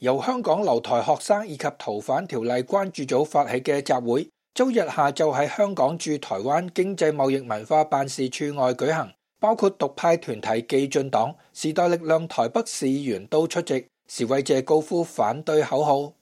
由香港留台學生以及逃犯條例關注組發起嘅集會，周日下晝喺香港駐台灣經濟貿易文化辦事處外舉行，包括獨派團體基進黨、時代力量台北市議員都出席，示威者高呼反對口號。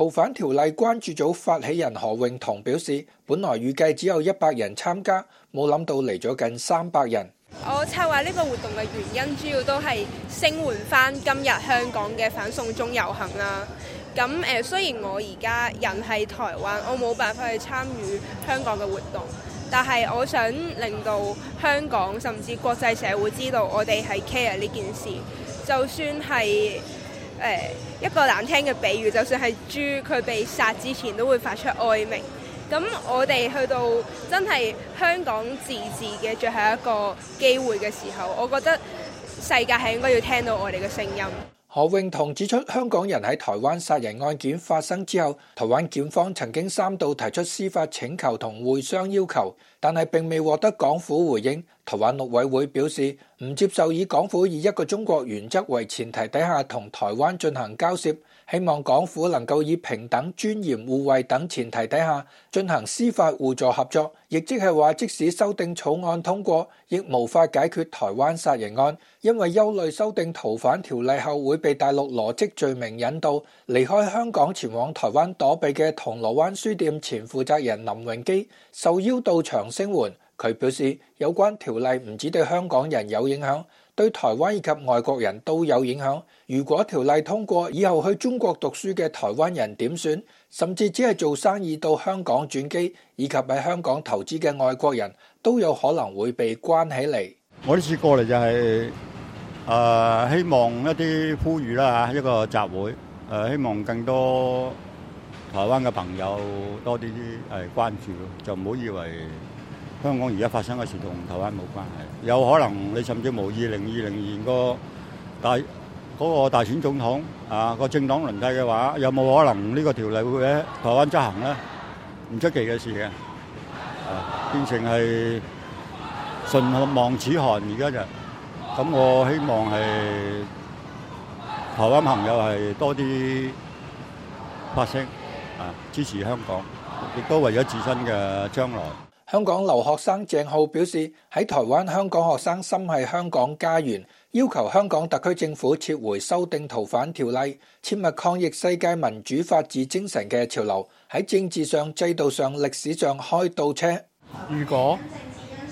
逃犯條例關注組發起人何永棠表示，本來預計只有一百人參加，冇諗到嚟咗近三百人。我策劃呢個活動嘅原因主要都係聲援翻今日香港嘅反送中遊行啦。咁雖然我而家人喺台灣，我冇辦法去參與香港嘅活動，但係我想令到香港甚至國際社會知道我哋係 care 呢件事，就算係，誒，一個難聽嘅比喻，就算係豬，佢被殺之前都會發出哀鳴。咁我哋去到真係香港自治嘅最後一個機會嘅時候，我覺得世界係應該要聽到我哋嘅聲音。何永彤指出，香港人喺台灣殺人案件發生之後，台灣檢方曾經三度提出司法請求同會商要求，但係並未獲得港府回應。台灣陸委會表示，唔接受以港府以一個中國原則為前提底下同台灣進行交涉，希望港府能夠以平等、尊嚴、互惠等前提底下進行司法互助合作，亦即係話，即使修訂草案通過，亦無法解決台灣殺人案，因為憂慮修訂逃犯條例後會被大陸羅織罪名引渡離開香港前往台灣躲避嘅銅鑼灣書店前負責人林榮基受邀到場聲援。佢表示，有關條例唔止對香港人有影響，對台灣以及外國人都有影響。如果條例通過，以後去中國讀書嘅台灣人點算？甚至只係做生意到香港轉機，以及喺香港投資嘅外國人都有可能會被關起嚟。我呢次過嚟就係誒，希望一啲呼籲啦嚇，一個集會誒，希望更多台灣嘅朋友多啲誒關注咯，就唔好以為，香港而家發生嘅事同台灣冇關係，有可能你甚至無二零二零年個大嗰個大選總統啊，個政黨輪替嘅話，有冇可能呢個條例會喺台灣執行咧？唔出奇嘅事嘅，啊變成係唇亡齒寒而家就咁，我希望係台灣朋友係多啲發聲啊，支持香港，亦都為咗自身嘅將來。香港留學生鄭浩表示，喺台灣，香港學生心繫香港家園，要求香港特區政府撤回修訂逃犯條例，切勿抗疫世界民主法治精神嘅潮流，喺政治上、制度上、歷史上開倒車。如果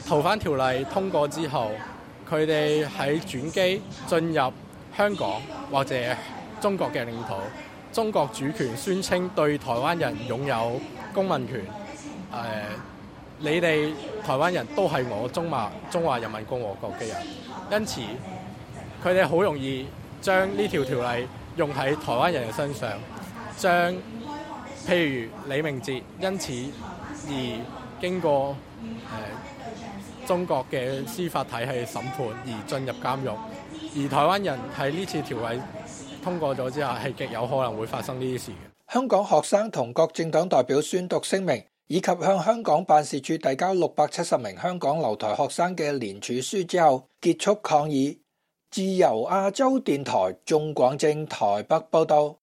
逃犯條例通過之後，佢哋喺轉機進入香港或者中國嘅領土，中國主權宣稱對台灣人擁有公民權，誒、呃。你哋台灣人都係我中華、中華人民共和國嘅人，因此佢哋好容易將呢條條例用喺台灣人嘅身上，將譬如李明哲，因此而經過、呃、中國嘅司法體系審判而進入監獄，而台灣人喺呢次條例通過咗之後，係極有可能會發生呢啲事嘅。香港學生同各政黨代表宣讀聲明。以及向香港辦事處遞交六百七十名香港留台學生嘅聯署書之後，結束抗議。自由亞洲電台鍾廣政台北報道。